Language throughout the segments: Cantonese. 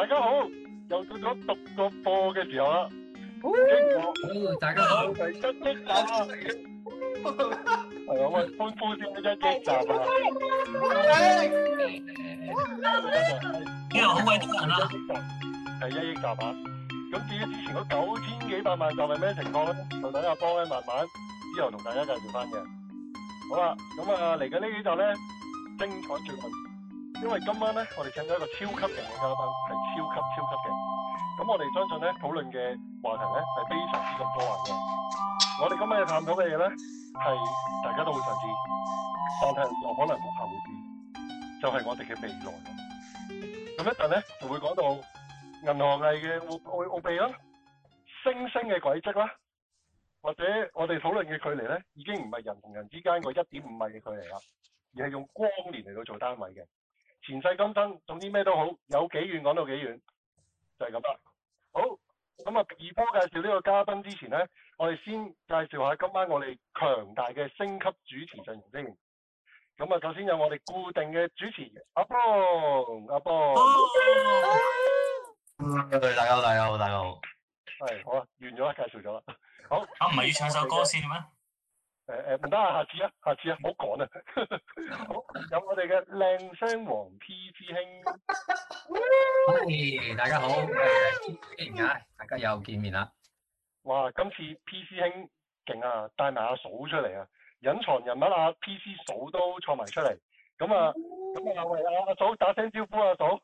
大家好，又到咗讀個播嘅時候啦。好，大家好。第七億集啊！係啊，我係歡呼先嘅，一億集啊！哇！呢又好鬼多人啦！係一億集啊！咁至於之前嗰九千幾百萬集係咩情況咧？就等阿邦咧慢慢之後同大家介紹翻嘅。好啦，咁啊嚟緊呢幾集咧，精彩絕倫。因為今晚咧，我哋請咗一個超級型嘅嘉賓，係超級超級嘅。咁我哋相信咧討論嘅話題咧，係非常之咁科幻嘅。我哋今日要探討嘅嘢咧，係大家都會想知，但係又可能好怕會知，就係我哋嘅未來。咁一陣咧就會講到銀河系嘅奧奧奧秘啦，星星嘅軌跡啦，或者我哋討論嘅距離咧，已經唔係人同人之間個一點五米嘅距離啦，而係用光年嚟到做單位嘅。前世今生，總之咩都好，有幾遠講到幾遠，就係咁啦。好，咁啊，二波介紹呢個嘉賓之前咧，我哋先介紹下今晚我哋強大嘅星級主持陣容先。咁啊，首先有我哋固定嘅主持阿邦，阿邦、啊 嗯，大家好，大家好，大家好。係，好啊，完咗啦，介紹咗啦。好，咁唔係要唱首歌先嘅咩？誒誒，唔得啊，下次啊，下次啊，唔好講啦。好，有我哋嘅靚聲王 PC 兄，歡迎 大家好、呃，大家又見面啦。哇，今次 PC 兄勁啊，帶埋阿嫂出嚟啊，隱藏人物阿 PC 嫂都坐埋出嚟。咁啊，咁啊，嚟啊，阿嫂打聲招呼阿、啊、嫂。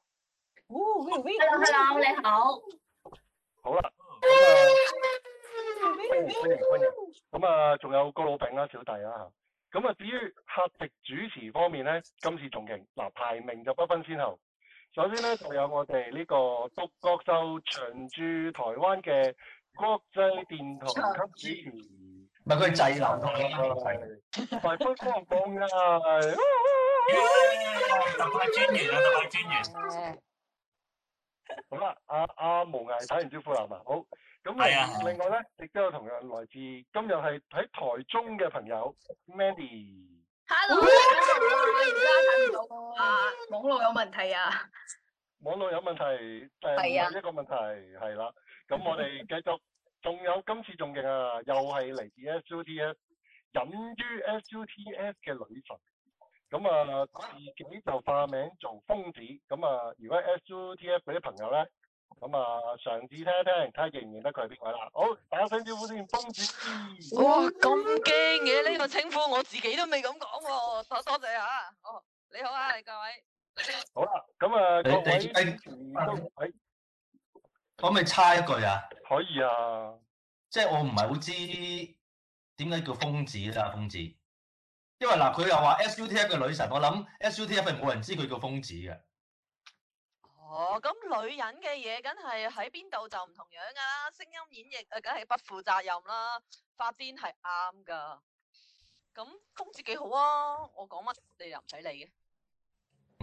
Hello，Hello，你 好。好啦、啊，歡迎歡迎，迎。咁啊，仲、嗯、有高佬丙啦，小弟啦吓，咁啊，嗯、至於客席主持方面咧，今次仲勁，嗱、啊，排名就不分先後，首先咧就有我哋呢、這個獨角獸長駐台灣嘅國際殿堂級主持唔係佢滯留台啦，係台風唔放噶，咁啊，阿阿無涯睇完招呼啦嘛，好。咁啊！另外咧，亦都有同樣來自今日係喺台中嘅朋友 Mandy。哈囉！啊，網絡有問題啊！網絡有問題，係啊，一個問題係啦。咁、啊、我哋繼續，仲有今次仲勁啊！又係嚟自 SUTF 隱於 SUTF 嘅女神。咁啊，自己就化名做瘋子。咁啊，如果 SUTF 嗰啲朋友咧。咁啊，嘗試聽一聽，睇認唔認得佢係邊位啦。好，打一聲招呼先，瘋子。哇，咁勁嘅呢個稱呼，我自己都未咁講喎。多多謝下。哦，你好啊，各位。好啦，咁啊，各位，我可唔可以猜一句啊？可以啊。即係我唔係好知點解叫瘋子啊。瘋子。因為嗱，佢又話 SUTF 嘅女神，我諗 SUTF 係冇人知佢叫瘋子嘅。哦，咁女人嘅嘢，梗係喺邊度就唔同樣噶啦。聲音演繹誒，梗係不負責任啦，發癲係啱噶。咁工資幾好啊，我講乜你又唔使理嘅。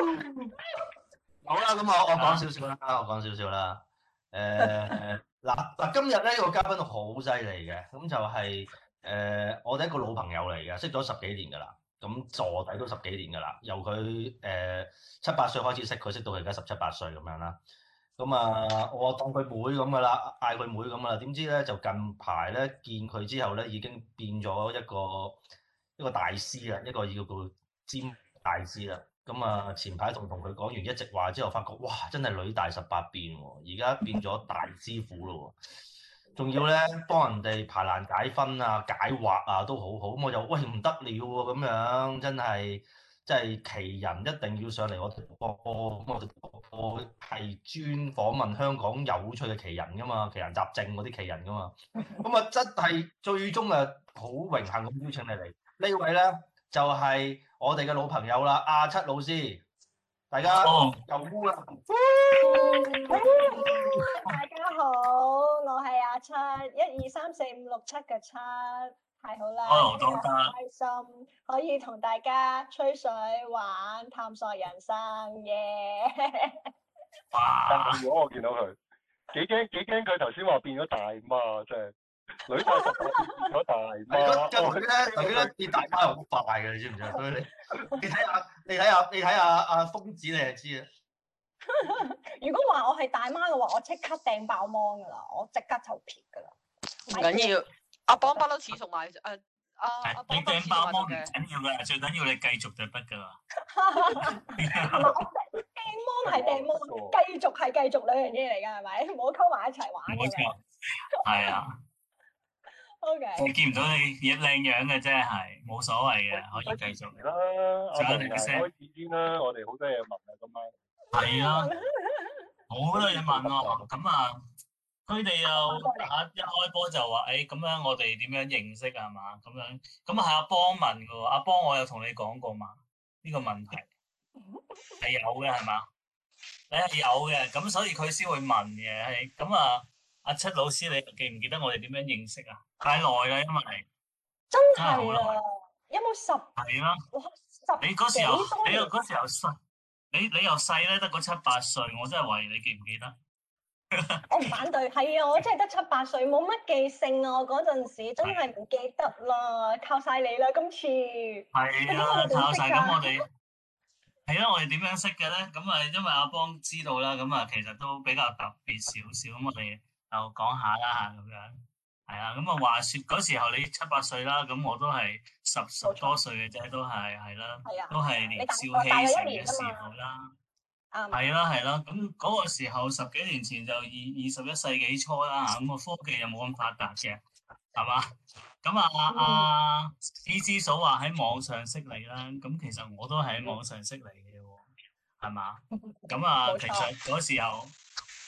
好啦，咁我我講少少啦，我講少少啦。誒，嗱嗱，今日咧、呢個嘉賓好犀利嘅，咁就係、是、誒、呃，我哋一個老朋友嚟嘅，識咗十幾年噶啦，咁坐底都十幾年噶啦，由佢誒、呃、七八歲開始識佢，識到佢而家十七八歲咁樣啦。咁、嗯、啊，我當佢妹咁噶啦，嗌佢妹咁噶啦，點知咧就近排咧見佢之後咧，已經變咗一個一個大師啊，一個叫做尖大師啦。咁啊，前排仲同佢講完，一直話之後，發覺哇，真係女大十八變喎，而家變咗大師傅咯喎，仲要咧幫人哋排難解紛啊、解惑啊都好好，咁我就喂，唔得了喎、啊，咁樣真係即係奇人一定要上嚟我播，咁我就播係專訪問香港有趣嘅奇人噶嘛，奇人雜症嗰啲奇人噶嘛，咁啊，真係最終啊，好榮幸咁邀請你嚟，位呢位咧就係、是。我哋嘅老朋友啦，阿七老師，大家舊烏、哦、啦，大家好，我係阿七，一二三四五六七嘅七，太好啦，歡、哦、開心可以同大家吹水玩探索人生耶。但如果我見到佢，幾驚幾驚，佢頭先話變咗大媽真係。女大，女大咧，女咧變大媽好快嘅，你知唔知啊？所以你睇下你睇下你睇下阿瘋子，你係知啦。如果話我係大媽嘅話，我即刻掟爆芒噶啦，我即刻就撇噶啦。唔緊要，阿邦不嬲都持續買啫。阿阿邦掟爆芒唔緊要噶，最緊要你繼續就得噶啦。掟芒係掟芒，繼續係繼續兩樣嘢嚟噶，係咪？唔好溝埋一齊玩。嘅好係啊。Okay. 你見唔到你靚樣嘅，真係冇所謂嘅，可以繼續啦，啊啊。我哋開始先啦，我哋好多嘢問啊，今晚係啊，好多嘢問啊，咁啊，佢哋又一開波就話，誒、哎，咁樣我哋點樣認識啊嘛？咁樣，咁啊係阿邦問噶，阿邦我有同你講過嘛，呢、這個問題係 有嘅係嘛？你係有嘅，咁所以佢先會問嘅，係咁啊。阿七老師，你記唔記得我哋點樣認識啊？太耐啦，因為你真係啊，有冇十？係啦嗎，十你！你嗰時又你又嗰時又細，你你又細咧，得個七八歲，我真係懷疑你記唔記得？ 我唔反對，係啊，我真係得七八歲，冇乜記性啊！我嗰陣時真係唔記得啦，的靠晒你啦，今次係啊，靠晒咁我哋係啊，我哋點樣識嘅咧？咁啊，因為阿邦知道啦，咁啊，其實都比較特別少少啊，我哋。就講下啦嚇，咁、嗯、樣係啊，咁啊話説嗰時候你七八歲啦，咁我都係十十多歲嘅啫，都係係啦，啊啊、都係年少氣盛嘅時候啦，係啦係啦，咁、嗯、嗰、啊啊啊、個時候十幾年前就二二十一世紀初啦，咁個科技又冇咁發達嘅，係嘛？咁啊啊，P C、G、嫂話喺網上識你啦，咁其實我都喺網上識你嘅喎，係嘛？咁啊，平常嗰時候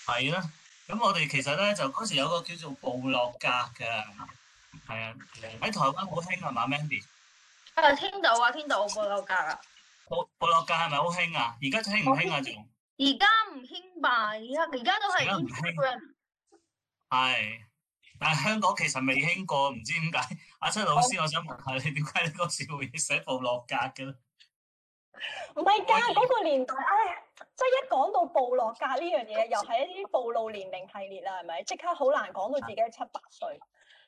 係啦。咁我哋其實咧就嗰時有個叫做部落格嘅，係啊喺台灣好興啊嘛，Mandy。啊，聽到啊，聽到部落格啊。部部落格係咪好興啊？而家興唔興啊？仲而家唔興吧，而家而家都係。而家唔興。係， 但係香港其實未興過，唔知點解。阿、啊、七老師，嗯、我想問下你點解你嗰時會寫部落格嘅咧？唔係㗎，嗰也個年代唉、啊。即係一講到部落格呢樣嘢，又係一啲暴露年齡系列啦，係咪？即刻好難講到自己七八歲，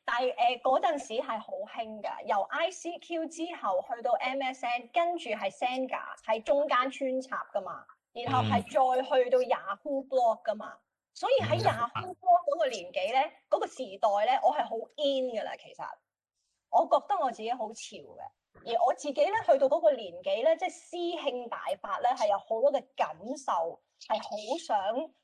但係誒嗰陣時係好興噶，由 ICQ 之後去到 MSN，跟住係 Senga 係中間穿插噶嘛，然後係再去到 Yahoo blog 噶嘛，所以喺 Yahoo blog 嗰個年紀咧，嗰、那個時代咧，我係好 in 噶啦，其實我覺得我自己好潮嘅。而我自己咧，去到嗰個年紀咧，即係詩興大發咧，係有好多嘅感受，係好想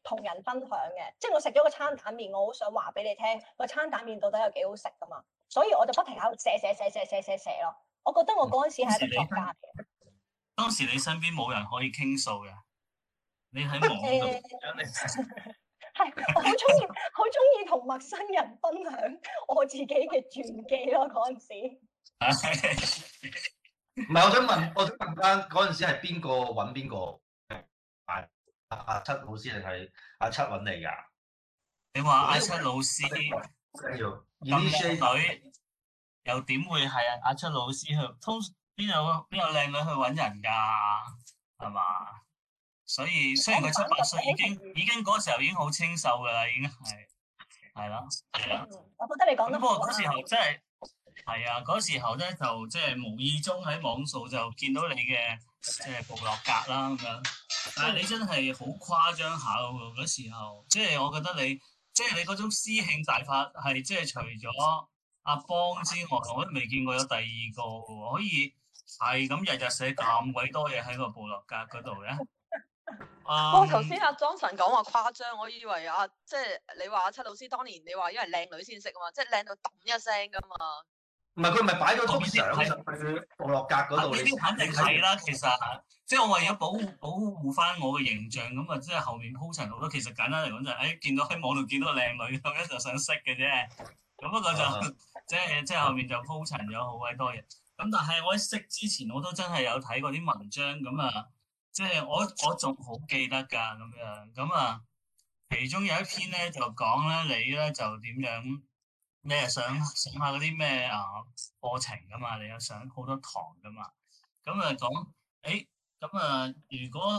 同人分享嘅。即係我食咗個餐蛋麵，我好想話俾你聽，個餐蛋麵到底有幾好食㗎嘛。所以我就不停喺度寫寫寫寫寫寫寫咯。我覺得我嗰陣時係一個作家嚟嘅。當時你身邊冇人可以傾訴嘅，你喺網度。 係 ，我好中意好中意同陌生人分享我自己嘅傳記咯。嗰陣時。啊！唔係，我想問，我想問翻嗰陣時係邊個搵邊個？阿、啊啊、七老師定係阿七搵你噶？你話阿、啊、七老師，咁靚、啊啊、女又點會係阿七老師去？通邊有邊有靚女去搵人噶？係嘛？所以雖然佢七八歲已經已經嗰時候已經好清秀噶啦，已經係係啦，係啦。我覺得你講得不過嗰時候真係。係啊，嗰時候咧就即係無意中喺網上就見到你嘅即係部落格啦咁樣，但係你真係好誇張下嗰時候即係我覺得你即係你嗰種詩興大發係即係除咗阿邦之外，我都未見過有第二個可以係咁日日寫咁鬼多嘢喺個部落格嗰度嘅。啊！頭先阿莊神講話誇張，我以為阿、啊、即係你話阿、啊、七老師當年你話因為靚女先識啊嘛，即係靚到揼一聲噶嘛。唔係，佢唔係擺咗張相喺部落格嗰度。呢啲、啊、肯定係啦。是其實即係我為咗保護保護翻我嘅形象，咁啊即係後面鋪陳好多。其實簡單嚟講就係，誒、哎、見到喺網度見到個靚女咁樣就想識嘅啫。咁不過就、啊、即係即係後面就鋪陳咗好鬼多嘢。咁但係我喺識之前，我都真係有睇過啲文章咁啊，即係我我仲好記得噶咁樣咁啊。其中有一篇咧就講咧你咧就點樣？你係想上下嗰啲咩啊課程噶嘛？你又上好多堂噶嘛？咁就講，誒，咁啊，如果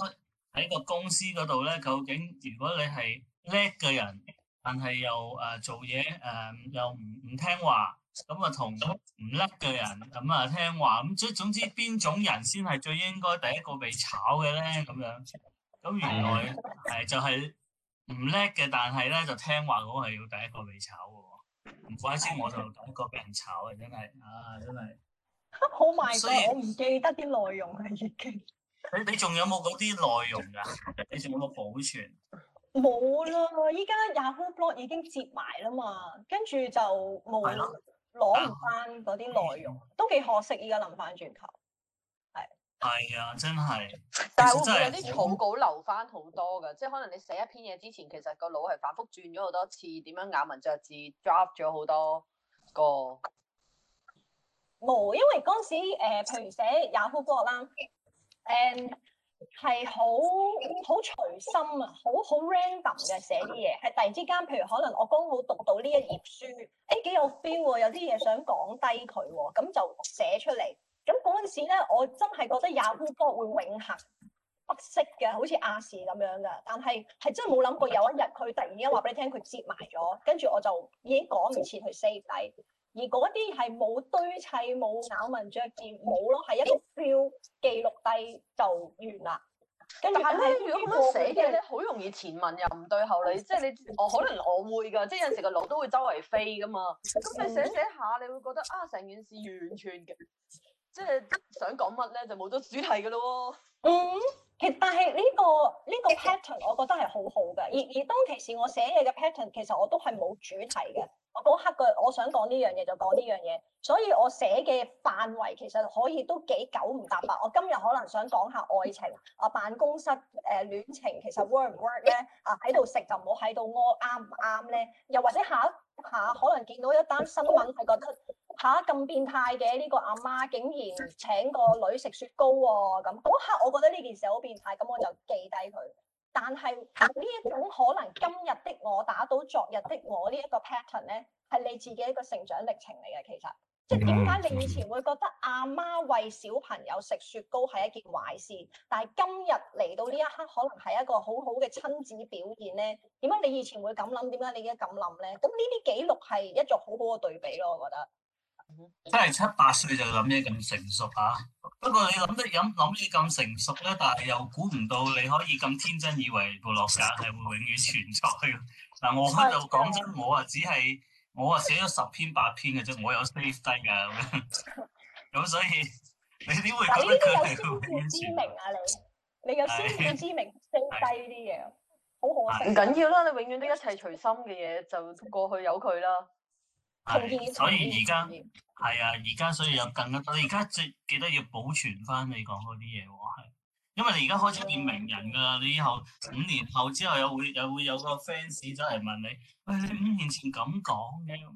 喺個公司嗰度咧，究竟如果你係叻嘅人，但係又誒做嘢誒又唔唔聽話，咁啊同唔叻嘅人，咁啊聽話，咁即係總之邊種人先係最應該第一個被炒嘅咧？咁樣，咁原來係就係唔叻嘅，但係咧就聽話嗰個係要第一個被炒。唔關事，怪我就感覺俾人炒啊！真係啊，真係好賣噶，我唔記得啲內容係已經你。你你仲有冇嗰啲內容噶？你仲有冇保存？冇啦，依家 Yahoo Blog、ok、已經摺埋啦嘛，跟住就冇攞唔翻嗰啲內容，啊、都幾可惜。依家諗翻轉頭。係啊，真係。真但係會唔會有啲草稿留翻好多噶？即係可能你寫一篇嘢之前，其實個腦係反覆轉咗好多次，點樣咬文嚼字、drop 咗好多個？冇，因為嗰時誒、呃，譬如寫 Yahoo Blog 啦，誒係好好隨心啊，好好 random 嘅寫啲嘢。係突然之間，譬如可能我剛好讀到呢一頁書，誒、欸、幾有 feel 喎，有啲嘢想講低佢喎，咁就寫出嚟。咁嗰陣時咧，我真係覺得亞烏哥會永恆不息嘅，好似亞視咁樣嘅。但係係真係冇諗過有一日佢突然間話俾你聽，佢截埋咗，跟住我就已經趕唔切去 save 低。而嗰啲係冇堆砌、冇咬文嚼字、冇咯，係一個 feel 記錄低就完啦。但係咧，如果咁樣寫嘅咧，好容易前文又唔對後理， 即係你我可能我會噶，即係有陣時個腦都會周圍飛噶嘛。咁你寫寫下，你會覺得啊，成件事完全嘅。即係想講乜咧，就冇咗主題嘅咯喎。嗯，其但係呢個呢個 pattern，我覺得係好好嘅。而而當其時我寫嘢嘅 pattern，其實我都係冇主題嘅。我嗰刻嘅我想講呢樣嘢就講呢樣嘢，所以我寫嘅範圍其實可以都幾九唔搭八。我今日可能想講下愛情啊，辦公室誒戀情，其實 work 唔 work 咧？啊喺度食就唔好喺度屙，啱唔啱咧？又或者下一下可能見到一單新聞係覺得。吓，咁變態嘅呢個阿媽竟然請個女食雪糕喎！咁嗰刻我覺得呢件事好變態，咁我就記低佢。但係呢一種可能今日的我打倒昨日的我呢一個 pattern 咧，係你自己一個成長歷程嚟嘅，其實。即係點解你以前會覺得阿媽餵小朋友食雪糕係一件壞事，但係今日嚟到呢一刻可能係一個好好嘅親子表現咧？點解你以前會咁諗？點解你而家咁諗咧？咁呢啲記錄係一組好好嘅對比咯，我覺得。真係七八歲就諗嘢咁成熟啊。不過你諗得諗諗嘢咁成熟咧，但係又估唔到你可以咁天真，以為部落格係會永遠存在。嗱，我喺度講真，我啊只係我啊寫咗十篇八篇嘅啫，我有 save 低噶咁樣，咁 所以你點會覺得佢係？你呢啲有先見之明啊！你你有先見之明 save 低啲嘢，好好啊，唔緊要啦，你永遠都一切隨心嘅嘢就過去有佢啦。所以而家係啊，而家所以有更加多。你而家最記得要保存翻你講嗰啲嘢喎，係。因為你而家開始變名人㗎啦，嗯、你以後五年後之後有會又會有個 fans 走嚟問你，喂，你五年前咁講嘅咁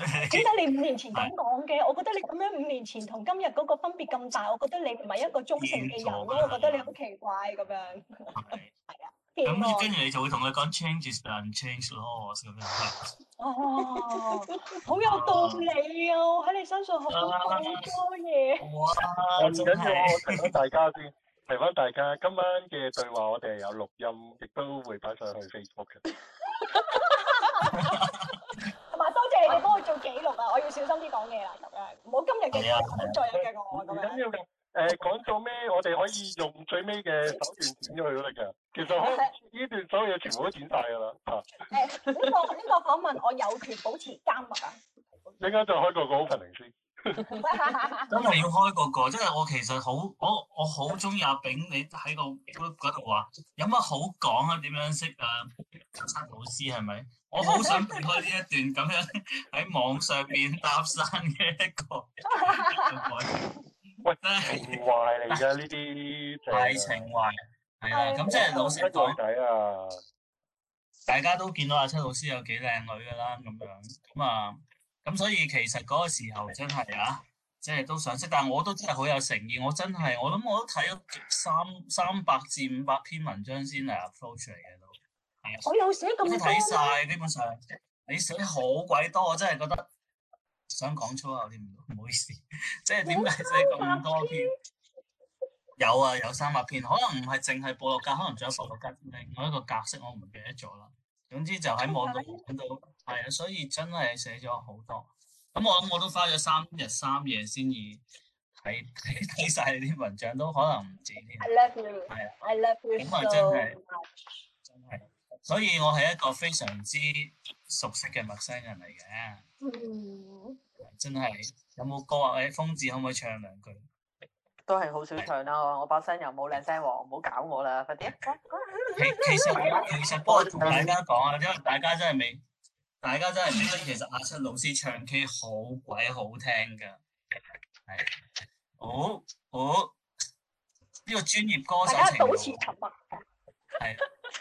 樣，點解你五年前咁講嘅？是我覺得你咁樣五年前同今日嗰個分別咁大，我覺得你唔係一個忠誠嘅人咯，我覺得你好奇怪咁、嗯、樣。是 咁跟住你就會同佢講 changes and changes 咯。哦，好有道理啊！我喺你身上學到好多嘢。哇！我最緊要我提翻大家先，提翻大家，今晚嘅對話我哋係有錄音，亦都會擺上去 Facebook 嘅。同埋多謝你哋幫我做記錄啊！我要小心啲講嘢啦，咁樣。唔好今日嘅，唔好再有嘅，我咁樣。誒，講到尾，我哋可以用最尾嘅手段剪咗佢都得嘅。其實可呢段所有嘢全部都剪晒噶啦。吓、這個，咁我呢個訪問我有權保持緘默，啊。陣間再開一個一個 opening 先？真係要開個個，即係我其實好，我我好中意阿炳，你喺個 group 嗰度話有乜好講啊？點樣識啊？老師係咪？我好想避開呢一段，咁樣喺網上面搭訕嘅一個。 喂，都係情懷嚟嘅。呢啲、啊，太 情懷，係啊，咁即係老實講，大家都見到阿、啊、七老師有幾靚女噶啦，咁樣，咁啊，咁所以其實嗰個時候真係啊，即係、嗯、都想識，但係我都真係好有誠意，我真係我諗我都睇咗三三百至五百篇文章先嚟 approach 出嚟嘅都，係、嗯、啊， 我有寫咁多，你睇晒。基本上，你寫好鬼多，我真係覺得。想講粗口啲，唔唔好意思。即係點解寫咁多篇？ 有啊，有三百篇，可能唔係淨係部落格，可能仲有部落格。另一個格式我唔記得咗啦。總之就喺網度揾到，係 啊。所以真係寫咗好多。咁我諗我都花咗三日三夜先至睇睇睇曬你啲文章，都可能唔止添。I love you、啊。係啊，I love you so much 真係，所以我係一個非常之熟悉嘅陌生人嚟嘅。Mm. 真係有冇歌啊？或者瘋子可唔可以唱兩句？都係的好少唱啦，我把聲又冇靚聲喎，唔好搞我啦！快啲。其、啊啊、其實其實，幫我同大家講啊，因為大家真係未，大家真係唔知，其實阿七老師唱 K 好鬼好聽㗎。係，好、哦，好、哦、呢、呢個專業歌手情好。大家保持沉默。係，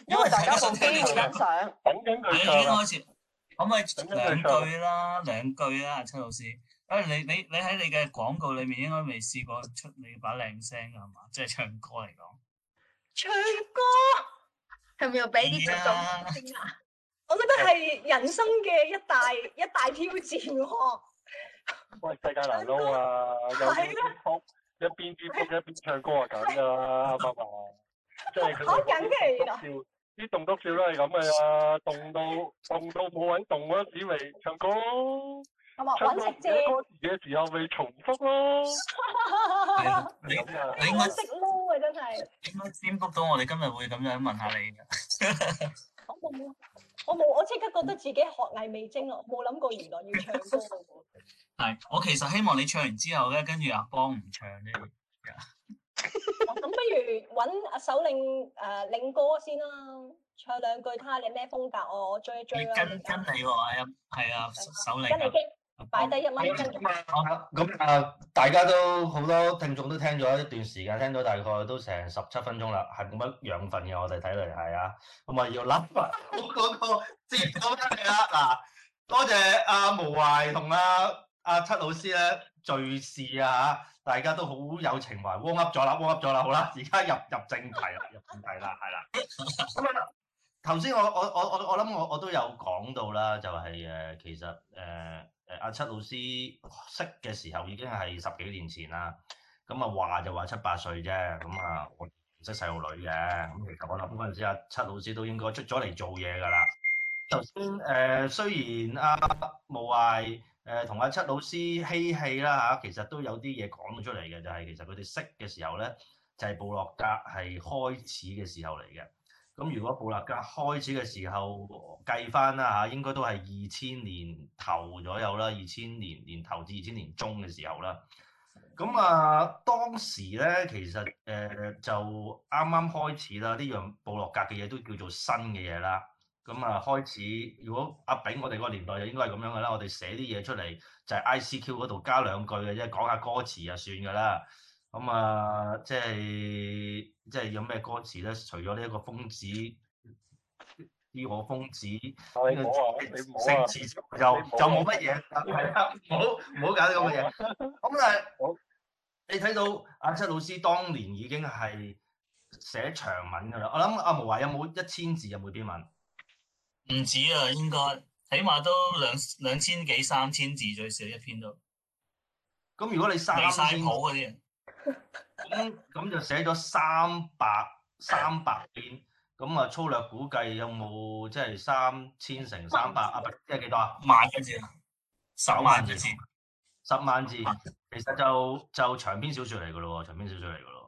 因為佢喺度傾緊相。等緊佢。已經、哎、開始。可唔可以兩句啦，兩句啦，阿七老師。哎，你你你喺你嘅廣告裏面應該未試過出你把靚聲㗎，係嘛？即係唱歌嚟講，唱歌係咪又俾啲聲啊？我覺得係人生嘅一大一大挑戰喎。喂，世界難撈啊！一邊接 call 一邊接一邊唱歌啊咁啊，阿伯啊，好緊嘅。啲棟篤笑都係咁嘅呀，棟到棟到冇揾棟啊！陣時，唱歌，唱歌，你歌詞嘅時候未重複？你你應該識撈啊，真係，應該占卜到我哋今日會咁樣問下你 我。我冇，我冇，我即刻覺得自己學藝未精咯，冇諗過原來要唱歌。係 ，我其實希望你唱完之後咧，跟住阿邦唔唱呢個。 不如揾阿首領誒領歌先啦，唱兩句睇下你咩風格，我追一追啦。跟跟你喎，係啊，係啊，首領。跟你傾。擺低一蚊一斤咁啊，大家都好多聽眾都聽咗一段時間，聽咗大概都成十七分鐘啦，係冇乜養分嘅，我哋睇嚟係啊，咁我要甩啦。嗰個節目你啦，嗱，多謝阿無涯同阿阿七老師咧敘事啊。大家都好有情懷，warm up 咗啦，warm up 咗啦，好啦，而家入入正題啦，入正題啦，係啦。咁啊，頭 先我我我我我諗我我都有講到啦，就係誒，其實誒誒阿七老師識嘅時候已經係十幾年前啦。咁啊話就話七八歲啫。咁啊，我唔識細路女嘅。咁其實我諗嗰陣時，阿七老師都應該出咗嚟做嘢㗎啦。頭先誒，雖然阿無涯。誒同阿七老師嬉戲啦嚇，其實都有啲嘢講到出嚟嘅，就係、是、其實佢哋識嘅時候咧，就係、是、部落格係開始嘅時候嚟嘅。咁如果部落格開始嘅時候計返啦嚇，應該都係二千年頭左右啦，二千年年頭至二千年中嘅時候啦。咁啊，當時咧其實誒、呃、就啱啱開始啦，呢樣部落格嘅嘢都叫做新嘅嘢啦。咁啊，開始，如果阿丙我哋個年代就應該係咁樣噶啦，我哋寫啲嘢出嚟就係、係、I C Q 嗰度加兩句嘅啫，講下歌詞就算噶啦。咁、嗯、啊，即係即係有咩歌詞咧？除咗呢一個瘋子，呢、呢個瘋子，成詞就就冇乜嘢。係啊，唔好唔好搞啲咁嘅嘢。咁啊，你睇到阿七老師當年已經係寫長文噶啦。我諗阿無涯有冇一千字嘅每篇文？有。唔止啊，應該起碼都兩兩千幾三千字最少一篇都。咁如果你曬普嗰啲，咁咁 就寫咗三百三百篇，咁啊粗略估計有冇即係三千乘三百，萬啊，唔係即係幾多啊？萬字，十萬字，十萬字。其實就就長篇小説嚟噶咯，長篇小説嚟噶咯。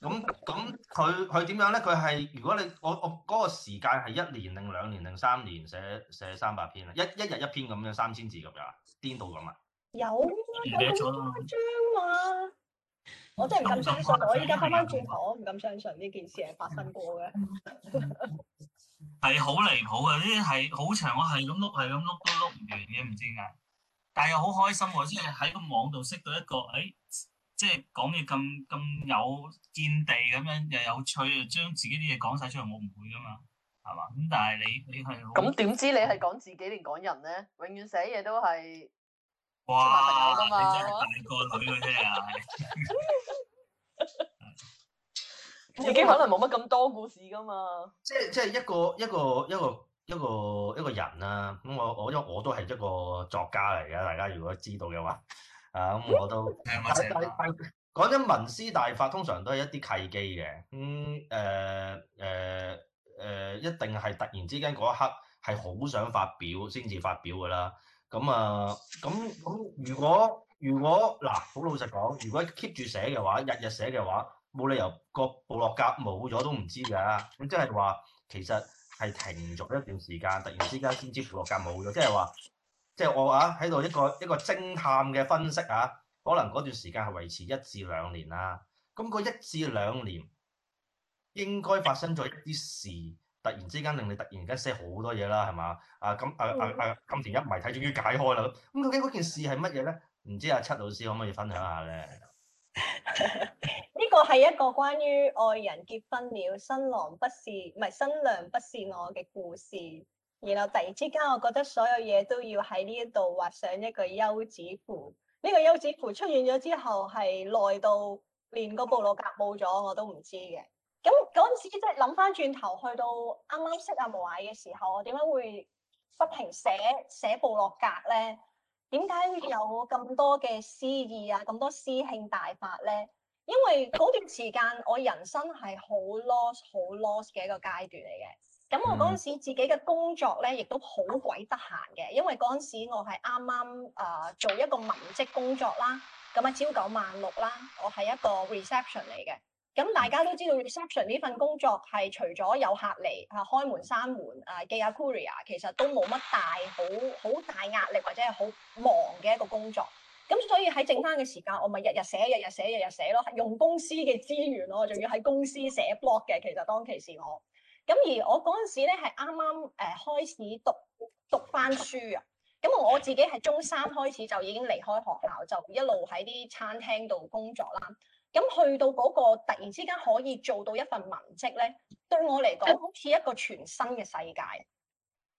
咁咁佢佢點樣咧？佢係如果你我我嗰個時間係一年定兩年定三年寫寫三百篇啊，一一日一篇咁樣三千字咁噶，癲到咁啊！有啊，咁誇張嘛！我真係唔敢相信，我依家翻翻轉頭我唔敢相信呢件事係發生過嘅，係 好離譜嘅，呢啲係好長，我係咁碌係咁碌都碌唔完嘅，唔知點解，但係又好開心喎，即係喺個網度識到一個誒。哎即係講嘢咁咁有見地咁樣又有趣，又將自己啲嘢講晒出嚟，我唔會噶嘛，係嘛？咁但係你你係咁點知你係講自己定講人咧？永遠寫嘢都係哇，大個女嘅啫啊！自己可能冇乜咁多故事噶嘛。即係即係一個一個一個一個一個人啦、啊。咁我我因為我都係一個作家嚟嘅，大家如果知道嘅話。啊，咁、嗯、我都講緊文思大發通常都係一啲契機嘅。咁誒誒誒，一定係突然之間嗰一刻係好想發表先至發表㗎啦。咁啊，咁、呃、咁，如果如果嗱，好老實講，如果 keep 住、啊、寫嘅話，日日寫嘅話，冇理由個部落格冇咗都唔知㗎。咁即係話，其實係停咗一段時間，突然之間先知部落格冇咗，即係話。即係我啊，喺度一個一個偵探嘅分析啊，可能嗰段時間係維持一至兩年啦。咁、嗯，嗰個一至兩年應該發生咗一啲事，突然之間令你突然間、啊、set 好多嘢啦，係嘛？啊咁啊啊啊！金田一謎題終於解開啦，咁究竟嗰件事係乜嘢咧？唔、啊 anyway? 知阿七老師可唔可以分享下咧？呢個係一個關於愛人結婚了，新郎不是唔係新娘不是我嘅故事。the that began wsz vocês 然後突然之間，我覺得所有嘢都要喺呢一度畫上一個休止符。呢個休止符出現咗之後，係耐到連個部落格冇咗我都唔知嘅。咁嗰陣時，即係諗翻轉頭，去到啱啱識阿無涯嘅時候，我點解會不停寫寫部落格咧？點解會有咁多嘅詩意啊？咁多詩興大發咧？因為嗰段時間，我人生係好 lost、好 lost 嘅一個階段嚟嘅。咁、嗯、我嗰陣時自己嘅工作咧，亦都好鬼得閒嘅，因為嗰陣時我係啱啱誒做一個文職工作啦，咁、嗯、啊朝九晚六啦，我係一個 reception 嚟嘅。咁、嗯、大家都知道 reception 呢份工作係除咗有客嚟啊開門閂門啊，記下 Courier，其實都冇乜大好好大壓力或者係好忙嘅一個工作。咁所以喺剩翻嘅時間，我咪日日寫日日寫日日寫咯，用公司嘅資源咯，仲要喺公司寫 blog 嘅。其實當其時我。咁而我嗰陣時咧，係啱啱誒開始讀讀翻書啊！咁我自己係中三開始就已經離開學校，就一路喺啲餐廳度工作啦。咁去到嗰個突然之間可以做到一份文職咧，對我嚟講好似一個全新嘅世界。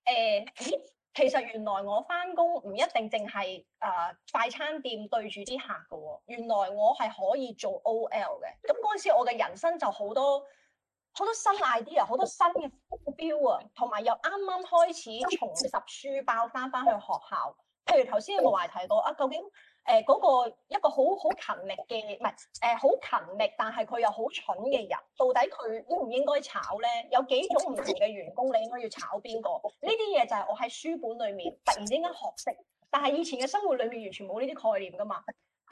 誒，其實原來我翻工唔一定淨係誒快餐店對住啲客噶喎，原來我係可以做 OL 嘅。咁嗰陣時，我嘅人生就好多。好多新 idea，好多新嘅目標啊，同埋又啱啱開始重拾書包返返去學校。譬如頭先無涯提過啊，究竟誒嗰、呃嗰個一個好好勤力嘅，唔係誒好勤力，但係佢又好蠢嘅人，到底佢應唔應該炒咧？有幾種唔同嘅員工，你應該要炒邊個？呢啲嘢就係我喺書本裏面突然之間學識，但係以前嘅生活裏面完全冇呢啲概念㗎嘛。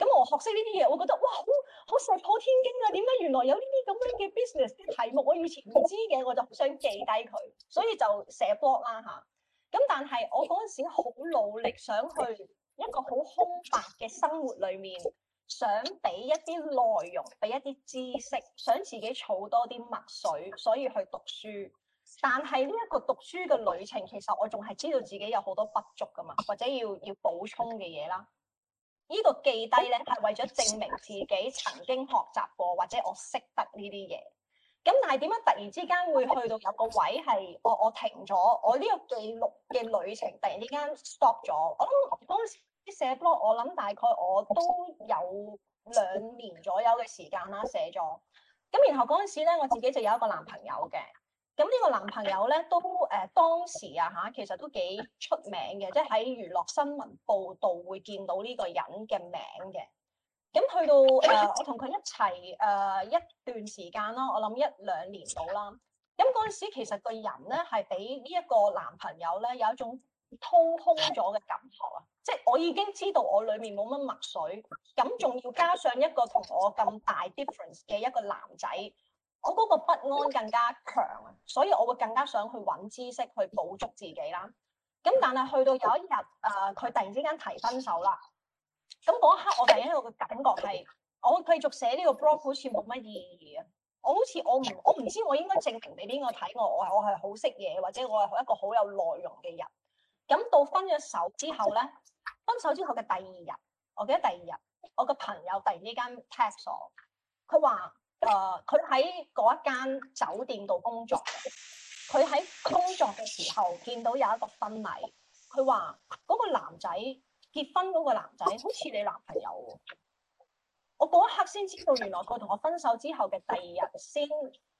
咁我學識呢啲嘢，我覺得哇，好好石破天驚啊！點解原來有呢啲咁樣嘅 business 啲題目，我以前唔知嘅，我就好想記低佢，所以就寫 blog 啦嚇。咁、啊、但係我嗰陣時好努力，想去一個好空白嘅生活裏面，想俾一啲內容，俾一啲知識，想自己儲多啲墨水，所以去讀書。但係呢一個讀書嘅旅程，其實我仲係知道自己有好多不足㗎嘛，或者要要補充嘅嘢啦。呢個記低咧係為咗證明自己曾經學習過，或者我識得呢啲嘢。咁但係點解突然之間會去到有個位係我我停咗，我呢個記錄嘅旅程突然之間 stop 咗。我諗嗰陣時寫 blog，我諗大概我都有兩年左右嘅時間啦寫咗。咁然後嗰陣時咧，我自己就有一個男朋友嘅。咁呢個男朋友咧都誒、呃、當時啊嚇，其實都幾出名嘅，即係喺娛樂新聞報道會見到呢個人嘅名嘅。咁去到誒、呃，我同佢一齊誒、呃、一段時間咯，我諗一兩年到啦。咁嗰陣時其實個人咧係俾呢一個男朋友咧有一種掏空咗嘅感覺啊！即係我已經知道我裡面冇乜墨水，咁仲要加上一個同我咁大 difference 嘅一個男仔。我嗰個不安更加強，所以我會更加想去揾知識去補足自己啦。咁但係去到有一日，誒、啊、佢突然之間提分手啦。咁嗰一刻，我第一個嘅感覺係，我繼續寫呢個 blog 好似冇乜意義啊！我好似我唔，我唔知我應該證明俾邊個睇我，我係我係好識嘢，或者我係一個好有內容嘅人。咁到分咗手之後咧，分手之後嘅第二日，我記得第二日，我嘅朋友突然之間 text 我，佢話，誒，佢喺嗰一間酒店度工作，佢喺工作嘅時候見到有一個婚禮，佢話嗰個男仔結婚嗰個男仔好似你男朋友，我嗰一刻先知道，原來佢同我分手之後嘅第二日先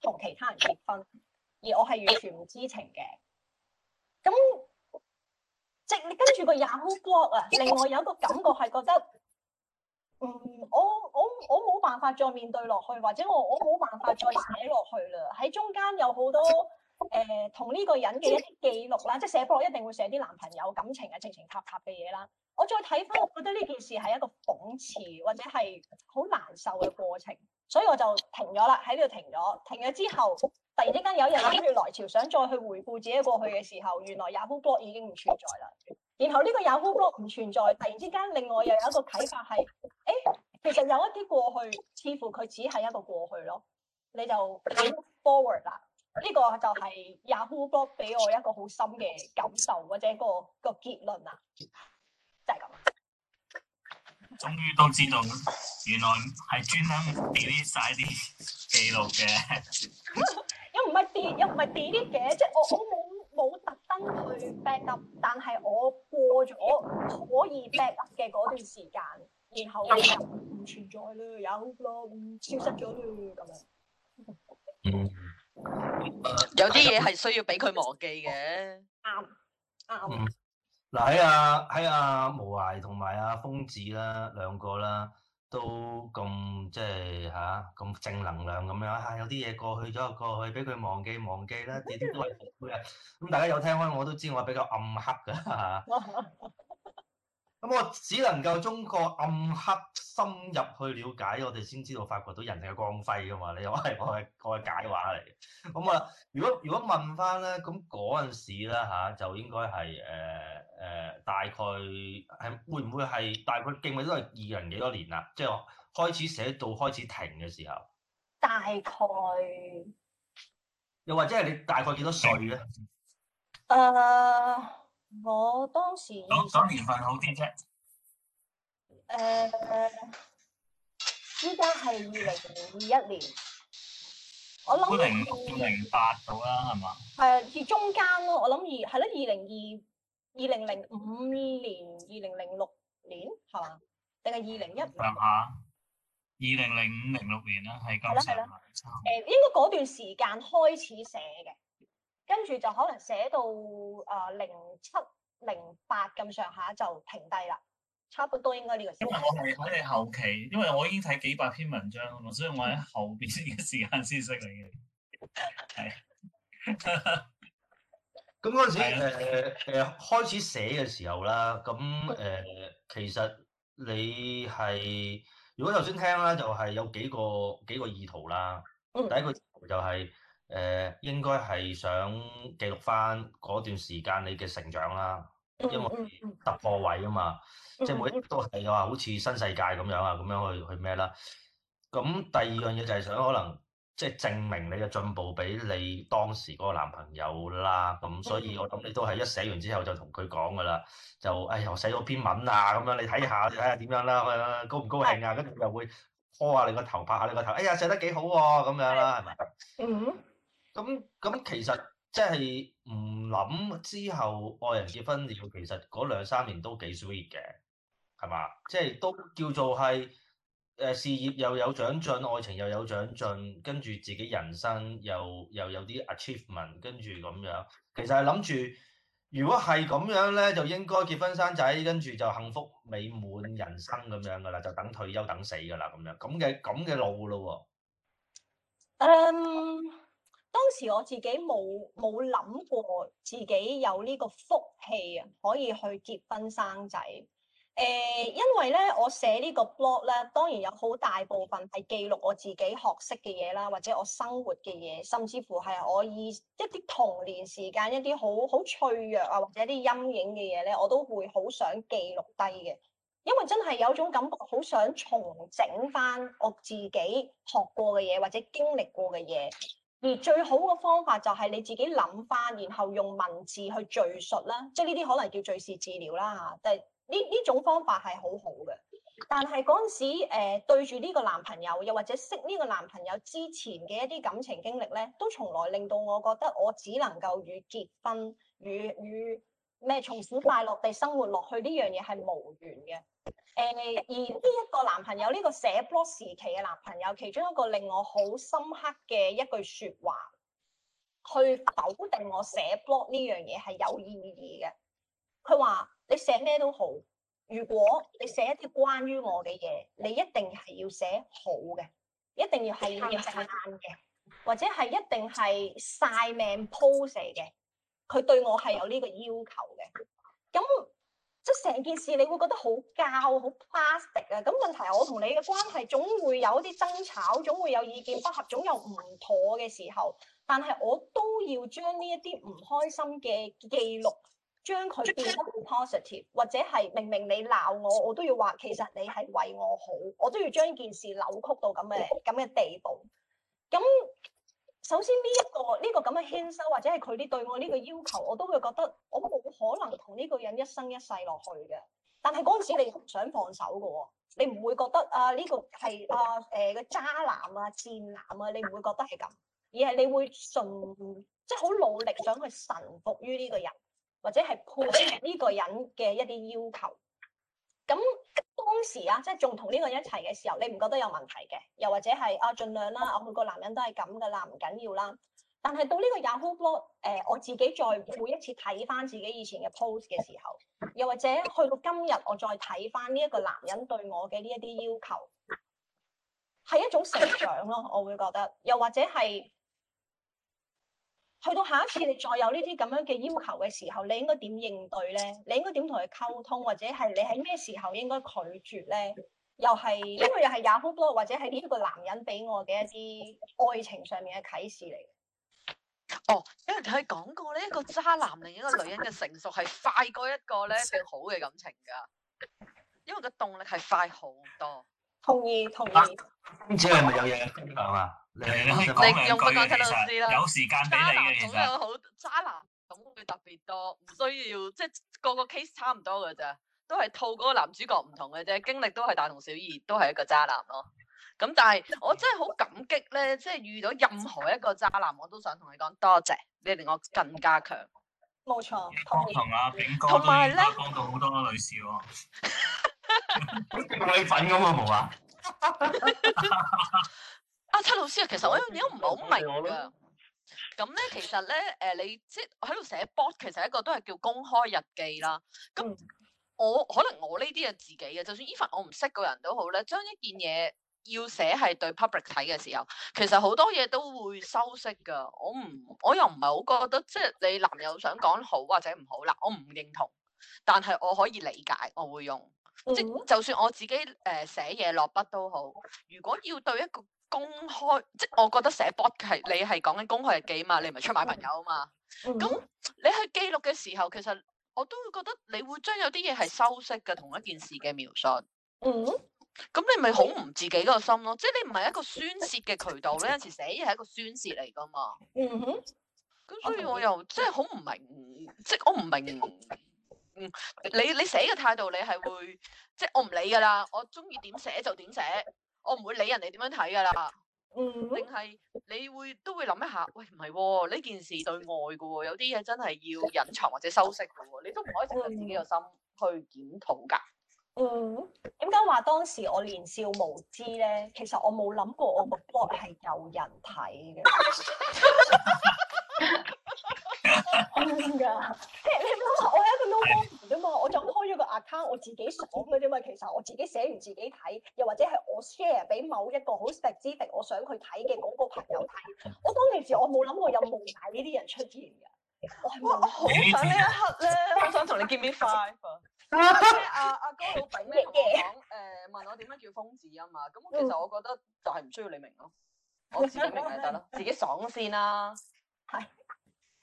同其他人結婚，而我係完全唔知情嘅。咁即你跟住個 Yahoo Blog 啊，另外有一個感覺係覺得。嗯，我我我冇辦法再面對落去，或者我我冇辦法再寫落去啦。喺中間有好多誒、呃，同呢個人嘅一啲記錄啦，即係寫 blog 一定會寫啲男朋友感情啊、情情塔塔嘅嘢啦。我再睇翻，我覺得呢件事係一個諷刺，或者係好難受嘅過程，所以我就停咗啦，喺呢度停咗。停咗之後。突然之間，有人心血來潮，想再去回顧自己過去嘅時候，原來 Yahoo Blog 已經唔存在啦。然後呢個 Yahoo Blog 唔存在，突然之間，另外又有一個啟發係，誒，其實有一啲過去，似乎佢只係一個過去咯。你就 move forward 啦。呢、這個就係 Yahoo Blog 俾我一個好深嘅感受，或者、個、個結論啦。就係、是、咁。終於都知道，原來係專登 delete 晒啲記錄嘅。 唔係跌又唔係跌啲嘅，即係我我冇冇特登去 back up，但係我過咗可以 back up 嘅嗰段時間，然後又唔存在啦，有咯消失咗啦咁樣。嗯，有啲嘢係需要俾佢忘記嘅。啱啱。嗱喺對對啊，喺啊，無涯同埋阿瘋子啦兩個啦。都咁即係嚇，咁正能量咁樣嚇，有啲嘢過去咗就過去，俾佢忘記忘記啦，點都係好嘅。咁大家有聽開，我都知我係比較暗黑噶嚇。哈哈 咁我只能夠通過暗黑深入去了解，我哋先知道發掘到人哋嘅光輝噶嘛，你又係我，係我係解話嚟嘅。咁 啊，如果如果問翻咧，咁嗰陣時咧嚇、啊，就應該係誒誒，大概係會唔會係大概敬咪都係二人幾多年啦？即、就、係、是、開始寫到開始停嘅時候，大概又或者係你大概幾多歲咧？誒。Uh, 我當時，早早年份好啲啫。誒、呃，依家係二零二一年，我諗二零零八度啦，係嘛？係，至中間咯。我諗二係啦，二零二二零零五年、二零零六年，係嘛？定係二零一？唔係，二零零五零六年啦，係咁長。係啦誒，吧應該嗰段時間開始寫嘅。跟住就可能寫到誒零七零八咁上下就停低啦，差不多應該呢個時間。因為我係睇你後期，因為我已經睇幾百篇文章啊嘛，所以我喺後邊嘅時間先識你嘅。係。 咁嗰陣時誒誒開始寫嘅時候啦，咁誒、呃、其實你係如果頭先聽啦，就係、是、有幾個幾個意圖啦。嗯、第一個意圖就係、是。誒應該係想記錄翻嗰段時間你嘅成長啦，因為突破位啊嘛，即係每一個都係話好似新世界咁樣啊，咁樣去去咩啦？咁第二樣嘢就係想可能即係、就是、證明你嘅進步俾你當時嗰個男朋友啦。咁所以我諗你都係一寫完之後就同佢講噶啦，就哎呀我寫咗篇文啊，咁樣你睇下你睇下點樣啦，高唔高興啊？跟住的又會拖下你個頭，拍下你個頭，哎呀寫得幾好喎、啊，咁樣啦，係咪的？嗯。咁咁，其實即係唔諗之後愛人結婚了，其實嗰兩三年都幾 sweet 嘅，係嘛？即係都叫做係誒事業又有長進，愛情又有長進，跟住自己人生又又有啲 achievement，跟住咁樣。其實係諗住，如果係咁樣咧，就應該結婚生仔，跟住就幸福美滿人生咁樣噶啦，就等退休等死噶啦，咁樣咁嘅咁嘅路咯喎。Um 當時我自己冇冇諗過自己有呢個福氣啊，可以去結婚生仔。誒、呃，因為咧，我寫呢個 blog 咧，當然有好大部分係記錄我自己學識嘅嘢啦，或者我生活嘅嘢，甚至乎係我以一啲童年時間一啲好好脆弱啊，或者一啲陰影嘅嘢咧，我都會好想記錄低嘅。因為真係有種感覺，好想重整翻我自己學過嘅嘢，或者經歷過嘅嘢。而最好嘅方法就係你自己諗翻，然後用文字去敘述啦，即係呢啲可能叫敘事治療啦吓，但係呢呢種方法係好好嘅。但係嗰陣時誒、呃、對住呢個男朋友，又或者識呢個男朋友之前嘅一啲感情經歷咧，都從來令到我覺得我只能夠與結婚與與。與與咩從此快樂地生活落去呢樣嘢係無緣嘅。誒、欸、而呢一個男朋友呢、呢個寫 blog 時期嘅男朋友，其中一個令我好深刻嘅一句説話，去否定我寫 blog 呢樣嘢係有意義嘅。佢話：你寫咩都好，如果你寫一啲關於我嘅嘢，你一定係要寫好嘅，一定要係要正硬嘅，或者係一定係晒命 pose 嘅。佢對我係有呢個要求嘅，咁即係成件事，你會覺得好膠、好 plastic 啊！咁問題係我同你嘅關係總會有一啲爭吵，總會有意見不合，總有唔妥嘅時候。但係我都要將呢一啲唔開心嘅記錄，將佢變得好 positive，或者係明明你鬧我，我都要話其實你係為我好，我都要將件事扭曲到咁嘅咁嘅地步。咁首先呢、呢、一個呢、呢個咁嘅牽收，或者係佢哋對我呢個要求，我都會覺得我冇可能同呢個人一生一世落去嘅。但係嗰陣時你唔想放手嘅喎，你唔會覺得啊呢、呢個係啊誒個、呃、渣男啊賤男啊，你唔會覺得係咁，而係你會順即係好努力想去臣服於呢個人，或者係配合呢個人嘅一啲要求。咁當時啊，即係仲同呢個人一齊嘅時候，你唔覺得有問題嘅？又或者係啊，儘量啦，每個男人都係咁噶啦，唔緊要啦。但係到呢個 Yahoo blog 誒，我自己再每一次睇翻自己以前嘅 post 嘅時候，又或者去到今日，我再睇翻呢一個男人對我嘅呢一啲要求，係一種成長咯，我會覺得，又或者係。去到下一次你再有呢啲咁樣嘅要求嘅時候，你應該點應對咧？你應該點同佢溝通，或者係你喺咩時候應該拒絕咧？又係因為又係 Yahoo Blog 或者係呢一個男人俾我嘅一啲愛情上面嘅啟示嚟。哦，因為佢講過呢一個渣男令一個女人嘅成熟係快過一個咧更好嘅感情噶因為個動力係快好多。同意同意。今次係咪有嘢？分享嘛，你用分享兩老其實。有時間俾你。渣男總有好渣男總會特別多，唔需要，即係個個 case 差唔多嘅咋，都係套嗰個男主角唔同嘅啫，經歷都係大同小異，都係一個渣男咯。咁但係我真係好感激咧，即係遇到任何一個渣男，我都想同你講多謝，你令我更加強。冇錯。同同阿炳哥都幫助好多女士喎。 好似米粉咁啊，冇 啊！阿七老師啊，其實我有啲唔係好明啊。咁咧， 其實咧，誒、呃，你即係喺度寫 blog 其實一個都係叫公開日記啦。咁我可能我呢啲係自己嘅，就算 even 我唔識個人都好咧，將一件嘢要寫係對 public 睇嘅時候，其實好多嘢都會修飾噶。我唔我又唔係好覺得，即係你男友想講好或者唔好啦，我唔認同，但係我可以理解，我會用。即就算我自己誒、呃、寫嘢落筆都好，如果要對一個公開，即我覺得寫 blog 係你係講緊公開日記嘛，你咪出賣朋友啊嘛。咁、嗯、哼你去記錄嘅時候，其實我都會覺得你會將有啲嘢係修飾嘅同一件事嘅描述。嗯哼，咁你咪好唔自己個心咯，即你唔係一個宣泄嘅渠道。你有時寫嘢係一個宣泄嚟噶嘛。嗯哼，咁所以我又即係好唔明，即我唔明。你寫態度你寫嘅態度，你係會即係我唔理噶啦，我中意點寫就點寫，我唔會理人哋點樣睇噶啦。嗯，定係你會都會諗一下，喂唔係喎，呢件事對外嘅喎，有啲嘢真係要隱藏或者修飾嘅喎，你都唔可以成日自己個心去檢討噶。 嗯，點解話當時我年少無知咧？其實我冇諗過我個 blog 係有人睇嘅。天 啊、嗯！ 我自己爽嘅啫嘛，其實我自己寫完自己睇，又或者係我 share 俾某一個好 specific 我想佢睇嘅嗰個朋友睇。我當時我冇諗過有蒙眼呢啲人出現嘅。我、啊、我好想呢一刻咧，我想同你見面 five。阿阿哥老闆咩嘢？誒問我點樣叫瘋子音啊？咁、嗯、 其實我覺得就係唔需要你明咯、啊，我自己明咪得咯，自己爽先啦、啊。係